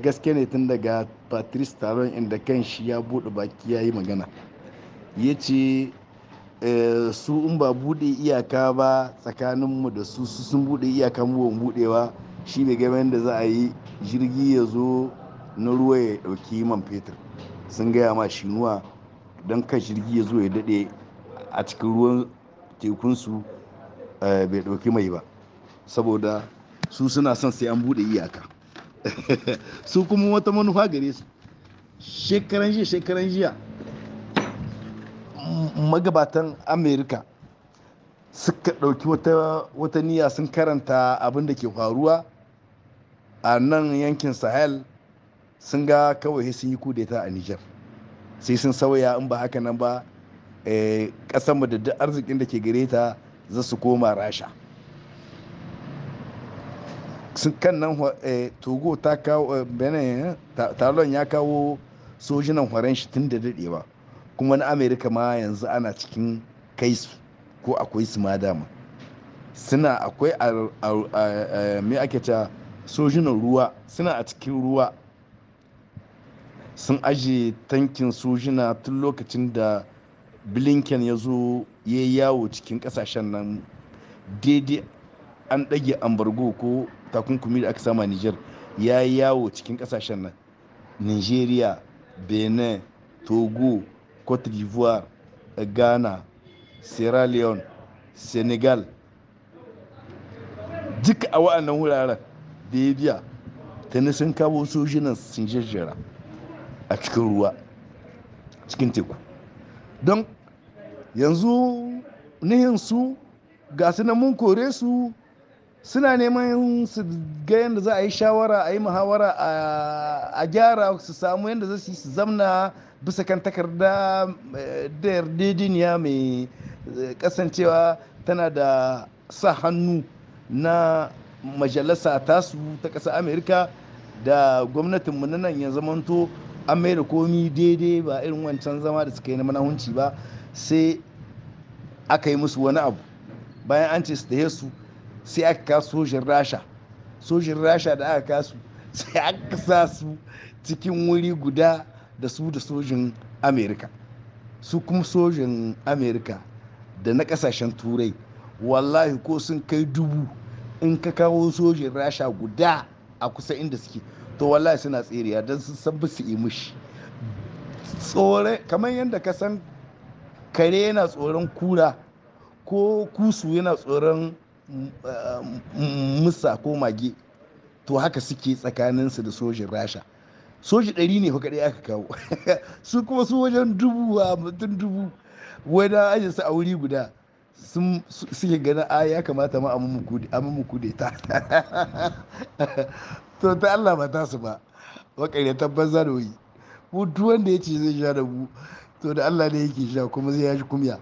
gaske ne tun daga patrice taron inda kan shi ya buɗe baki ya yi magana ya ce eh, su in ba buɗe iyaka ba tsakaninmu da su su sun buɗe iyaka mu ban buɗewa shi ne game da za a yi jirgi ya zo na ruwa ya ɗauki man fetur sun gaya ma shinuwa don kan jirgi ya zo ya daɗe a cikin ruwan tekunsu eh, bai ɗauki mai ba saboda su suna son sai an buɗe iyaka su kuma wata manufa gare su shekaran jiya shekaran jiya magabatan amerika suka ɗauki wata niyya sun karanta abin da ke faruwa a nan yankin sahel sun ga kawai sun yi kudeta a nijar sai sun sauya in ba haka nan ba eh, ƙasar da arzikin da ke gare ta za su koma rasha kan nan eh, togo ta kawo eh, benin eh, talon ya kawo sojinan horon shi tun da daɗewa kuma na amerika ma yanzu ana cikin kai su ko akwai su ma dama suna akwai mai ake ta sojinan ruwa suna a cikin ruwa sun aje tankin sojina tun lokacin da blinken ya zo ya yawo cikin kasashen nan daidai an ɗage ambargo ko takunkumi da aka sama niger ya yi yawo cikin kasashen nan nigeria benin togo cote d'ivoire ghana sierra leone senegal Duk a wa'annan wuraren da ya biya ta nisan sun kawo sojinan sun jejjera a cikin ruwa cikin teku don yanzu nihin su ga su na mun kore su suna neman su ga yadda za a yi shawara a yi muhawara a gyara su samu yadda za su zamna bisa kan takarda eh, da yarjejeniya mai eh, kasancewa tana da sa hannu na majalisa tasu ta ƙasa amerika da gwamnatinmu na nan ya zamanto an mai da komi daidai ba irin wancan zama da suka yi na manahunci ba sai aka yi musu wani abu bayan an ce su da su sai aka kawo sojin rasha sojin rasha da aka kasu sai aka sa su cikin wuri guda da su da sojin amerika su kuma sojin amerika da na kasashen turai wallahi ko sun kai dubu in ka kawo sojin rasha guda a kusa inda suke to wallahi suna tsiriya don sun san su yi mushi tsore kamar yadda ka san kare yana tsoron kura ko kusu yana tsoron musa ko mage to haka suke tsakaninsu da sojin rasha soji ɗari ne kaɗai aka kawo su kuma su wajen dubu a mutum dubu wani aji su a wuri guda suke ganin a ya kamata ma a mamuku da ta to ta Allah ba ta su ba wakare tabbas za da wuyi duk wanda ya ce zai sha da mu to da Allah ne yake sha kuma zai ya shi kumya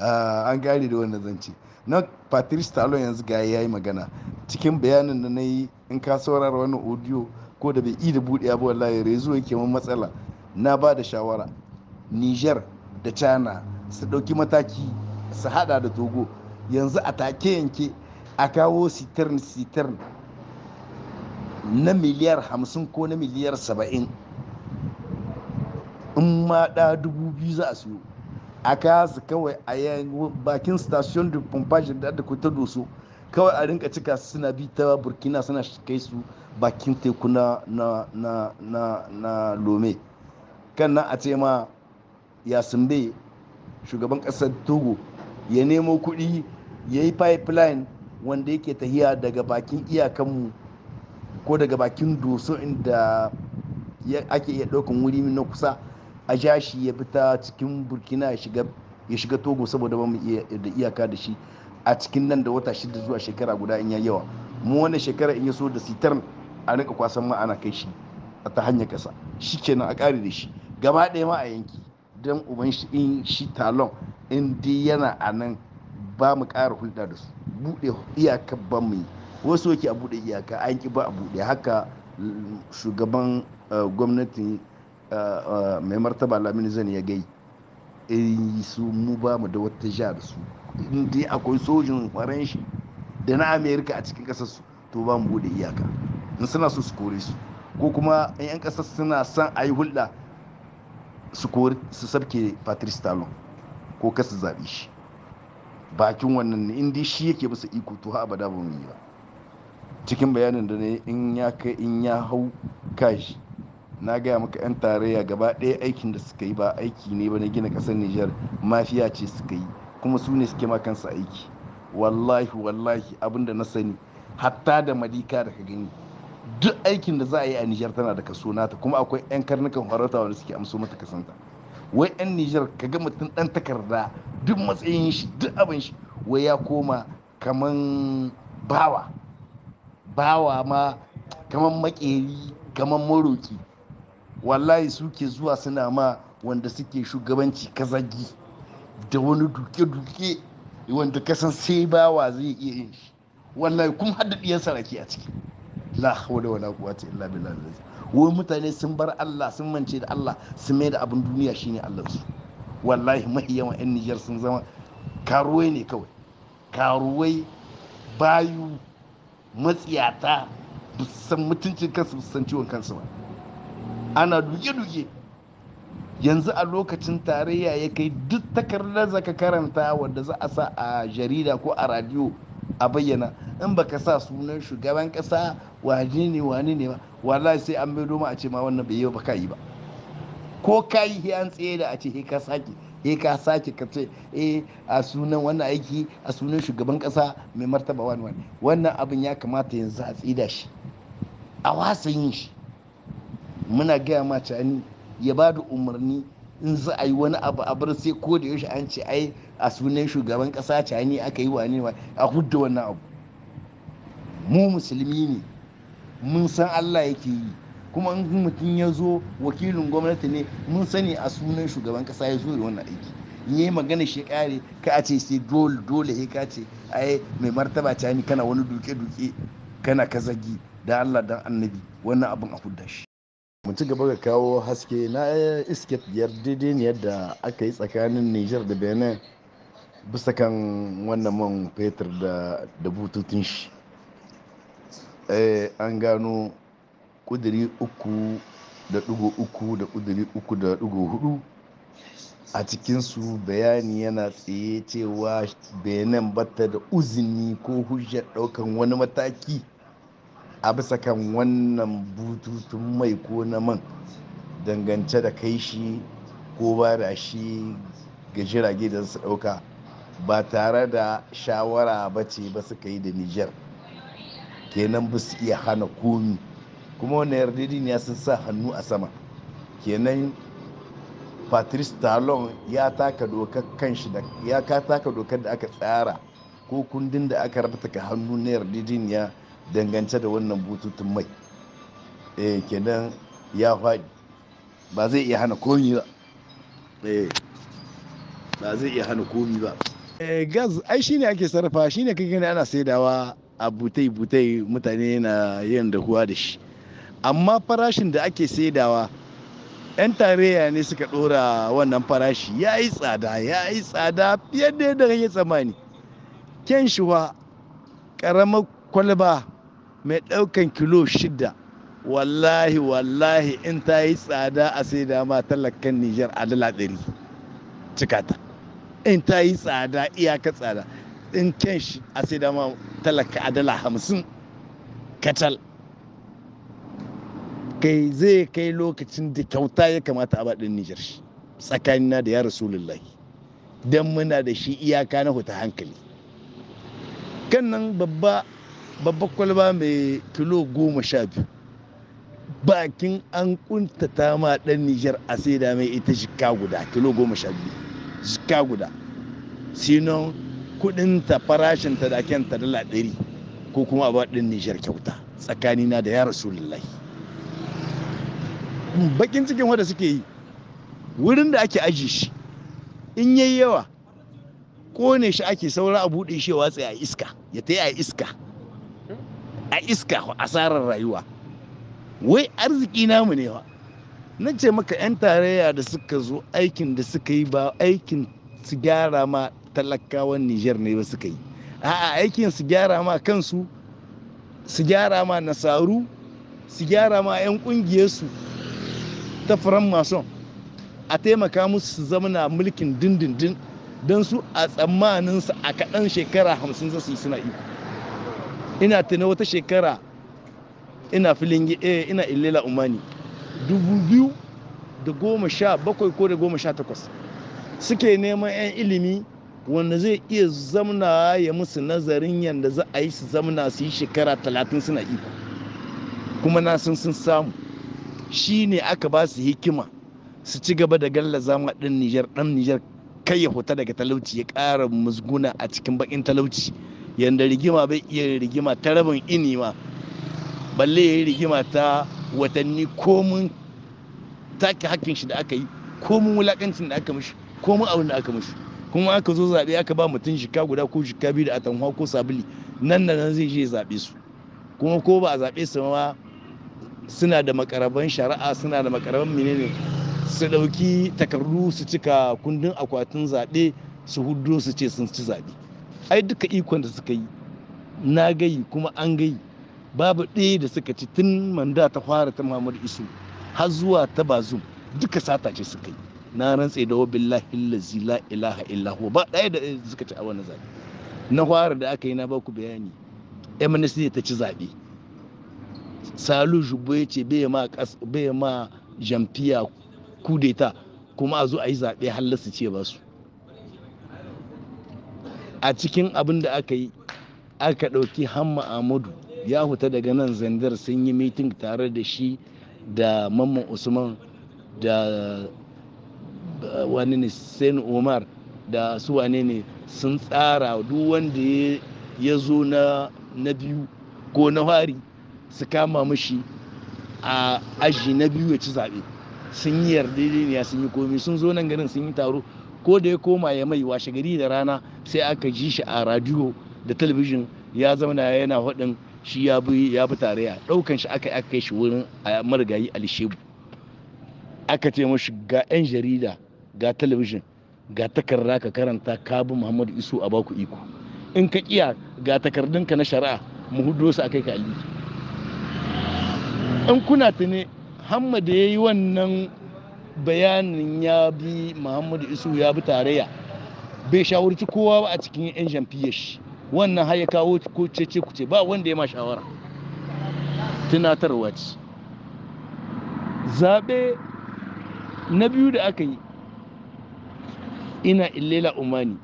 ah, an gane da wannan zance na patrice talon yanzu ga ya yi magana cikin bayanin da na yi in ka saurara wani audio ko da bai da buɗe ba wallahi rezo yake mun matsala na ba da shawara niger da china su ɗauki mataki su hada da togo yanzu a take yanke a kawo sitirin sitirin na miliyar hamsin ko na miliyar saba'in in ma ɗa dubu biyu za a siyo a kaya su kawai a bakin station de pompage da da ta doso kawai a rinka cika suna bi ta burkina suna kai su bakin teku na na lome kan nan a ce ma yasimbe shugaban kasar togo ya nemo kuɗi ya yi pipeline wanda yake tahiya daga bakin iyakanmu ko daga bakin doso inda ake iya ɗaukan wuri na kusa a ja shi ya fita cikin burkina ya shiga togo saboda ba mu da iyaka da shi a cikin nan da wata shida zuwa shekara guda in ya yawa mu wannan shekara in ya so da sitar a rika kwasan ma ana kai shi ta hanyar kasa shi kenan a ƙare da shi gaba ɗaya ma a yanki don uban shi in shi talon in dai yana a nan ba mu ƙara hulɗa da su buɗe iyaka ba mu yi wasu yake a buɗe iyaka an ki ba a buɗe haka mm, shugaban eh, gwamnatin mai martaba lamini zan ya gai in eh, su mu ba mu da wata ja da su in dai akwai sojin faran shi da na amerika a cikin kasar su to ba mu bude iyaka in suna so su kore su ko kuma in yan kasar suna son a yi hulɗa su kori su sabke patrice talon ko kasu zaɓi shi bakin wannan ne in shi yake masa iko to ha abada ba mu yi ba cikin bayanin da ne in ya in ya hau kashi na gaya maka 'yan tarayya gaba ɗaya aikin da suka yi ba aiki ne ba na gina ƙasar nijar mafiya ce suka yi kuma su ne suke makansa aiki wallahi wallahi abinda na sani hatta da madika da ka gani duk aikin da za a yi a nijar tana da kaso nata kuma akwai 'yan karnukan farauta wanda suke amso mata kasanta wai 'yan nijar ka ga mutum ɗan takarda duk matsayin shi duk abin shi wai ya koma kaman bawa bawa ma kaman makeri kaman maroki wallahi suke zuwa suna ma wanda suke shugabanci kazagi da wani duke-duke wanda kasan sai bawa zai iya yin shi wallahi kuma hada ɗiyan saraki a ciki la hawla wala quwwata illa billah wai mutane sun bar Allah sun mance da Allah sun mai da abin duniya shine Allah su wallahi mai yawan yan Niger sun zama karuwai ne kawai karuwai bayu matsiyata san mutuncin kansu san ciwon kansu ba ana duke-duke yanzu a lokacin tarayya ya kai duk takardar zaka karanta wadda za a sa a jarida ko a radiyo a bayyana in baka sa sunan shugaban kasa waje ne wani ne ba wallahi sai an bai doma a ce ma wannan bai yi ba ka yi ba ko ka yi an tsaye da a ce he ka sake he ka sake ka ce eh a sunan wannan aiki a sunan shugaban kasa mai martaba wani wani wannan abin ya kamata yanzu a tsida shi a wasa yin shi muna gaya ma cani ya ba da umarni in za a yi wani abu a bar sai ko da yaushe an ce ai a sunan shugaban kasa cani aka yi wani a hudda wannan abu mu musulmi ne mun san allah yake yi kuma in mutum ya zo wakilin gwamnati ne mun sani a sunan shugaban kasa ya zo da wannan aiki in yi magana shi kare ka a ce sai dole dole ka ce ai mai martaba cani kana wani duke-duke kana kazagi da allah dan annabi wannan abin a hudda shi mu ci gaba ga kawo haske na iske yarjejeniyar da aka yi tsakanin niger da benin bisa kan wannan man fetur da bututun shi eh, an gano kuduri uku da dugo uku da kuduri uku da dugo hudu a cikinsu bayani yana tsaye cewa benin bata da uzini ko hujjar daukan wani mataki a bisa kan wannan bututun mai ko na man dangance da kai shi ko ba da shi ga jirage da su ɗauka ba tare da shawara ba ce ba suka yi da Nijar kenan ba su iya hana komi kuma wannan yarjejeniya sun sa hannu a sama kenan patrice talon ya taka dokar kanshi da ya taka dokar da aka tsara ko kundin da aka rabata ka hannu na yarjejeniya dangance da wannan bututun mai eh kenan ya faɗi ba zai iya hana komi ba eh ba zai iya hana komi ba eh gas ai shine ake sarrafa shine kai gani ana saidawa a butai butai mutane na yin da kuwa da shi amma farashin da ake saidawa 'yan tarayya ne suka ɗora wannan farashi ya yi tsada ya yi tsada fiye da yadda kake tsammani kyan shuwa ƙaramar kwalba mai ɗaukan kilo shida wallahi wallahi in ta yi tsada a sai dama talakan nijar a dala ɗari cikata in ta yi tsada iyaka tsada in ken shi a sai dama talaka a dala hamsin katal kai zai kai lokacin da kyauta ya kamata a baɗin nijar shi tsakanina da ya rasulullahi don muna da shi iyaka na huta hankali kan nan babba babbar kwalba mai kilo goma sha biyu bakin an kuntata ma dan nijar a saida mai ita jika guda kilo goma sha biyu jika guda sinon kudinta farashinta da kenta dala ɗari ko kuma a ba nijar kyauta tsakanina da ya rasulullahi bakin cikin wanda suke yi wurin da ake aji shi in yayi yawa kone shi ake saura a buɗe shi watsa a iska ya ta a iska iska asarar rayuwa wai arziki namu ne wa na ce maka 'yan tarayya da suka zo aikin da suka yi ba aikin su gyara ma talakawan nijar ne ba suka yi A aikin su gyara ma kansu su gyara ma nasaru su gyara ma 'yan kungiyarsu ta firan mason a taimaka musu su zamana mulkin dindindin don su a tsammaninsu a kaɗan shekara hamsin za su yi suna iko ina tuna wata shekara ina filin eh ina illela umani dubu biyu da goma sha bakwai ko da goma sha takwas suke neman 'yan ilimi wanda zai iya zamna ya musu nazarin yadda za a yi su zamna su yi shekara talatin suna iko kuma na sun sun samu shi ne aka ba su hikima su ci gaba da galla zama ɗan nijar ɗan nijar kai ya daga talauci ya ƙara musguna a cikin bakin talauci yanda rigima bai iya rigima ta rabin ini ma balle ya yi rigima ta watanni komun take hakkin shi da aka yi komun wulakancin da aka mishi komun abin da aka mishi kuma aka zo zaɓe aka ba mutum shika guda ko shika biyu da atamwa ko sabili nan da nan zai je zaɓe su kuma ko ba a zaɓe su ma suna da makaraban shari'a suna da makaraban menene su ɗauki takardu su cika kundin akwatin zaɓe su hudu su ce sun ci zaɓe ai duka ikon da suka yi na gayi kuma an gayi babu ɗaya da suka ci tun manda ta fara ta mamar isu har zuwa ta bazum duka sata ce suka yi na rantse da wa billahi lazi la ilaha illahu ba ɗaya da suka ci a wani zaɓe na fara da aka yi na baku bayani amnesty ta ci zaɓe salu jubo ya ce bai ma bai ma jamfiya kudeta kuma a zo a yi zaɓe halasta ce ba su a cikin abin da aka yi aka ɗauki hamma amadu ya huta daga nan zandar sun yi mitin tare da shi da mamman usman da wani ne sen umar da su wane ne sun tsara duk wanda ya zo na biyu ko na fari su kama mashi a aji na biyu ya ci zaɓe sun yi yarda sun yi komi sun zo nan ganin, sun yi taro ko da ya koma ya mai washe gari da rana sai aka ji shi a radiyo da talabijin ya zauna yana hudin shi ya bi ya bi tarayya daukan shi aka aka shi wurin marigayi alishebu aka ce mashi ga yan jarida ga talabijin ga takarda ka karanta ka bi muhammadu isu a baku iko in ka kiya ga takardunka na shari'a mu hudo su akai ka aliki in kuna tuni hamma da yayi wannan bayanin ya bi muhammadu isu ya bi tarayya bai shawarci kowa ba a cikin yan jamfiyyar shi wannan har ya kawo ko cece kuce ba wanda ya ma shawara tunatarwa ce zaɓe na biyu da aka yi ina illela umani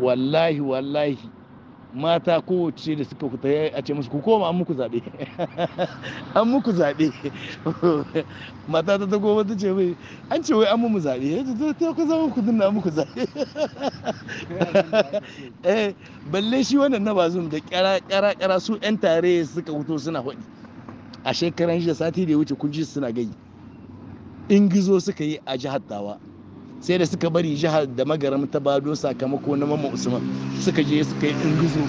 wallahi wallahi mata kowace da suka kuta a ce musu ku koma an muku zaɓe an muku zaɓe mata ta tago wata ta ce mai an ce wai an mu zaɓe ya ta ku zama ku dinna an muku zaɓe eh, balle shi wannan na bazum da ƙara ƙara ƙara su yan tare suka fito suna faɗi a shekaran shi da sati da ya wuce kun ji suna gai gizo suka yi a jihar dawa sai da suka bari jihar da magaram ta bado sakamako na mama usman suka je suka yi ingizo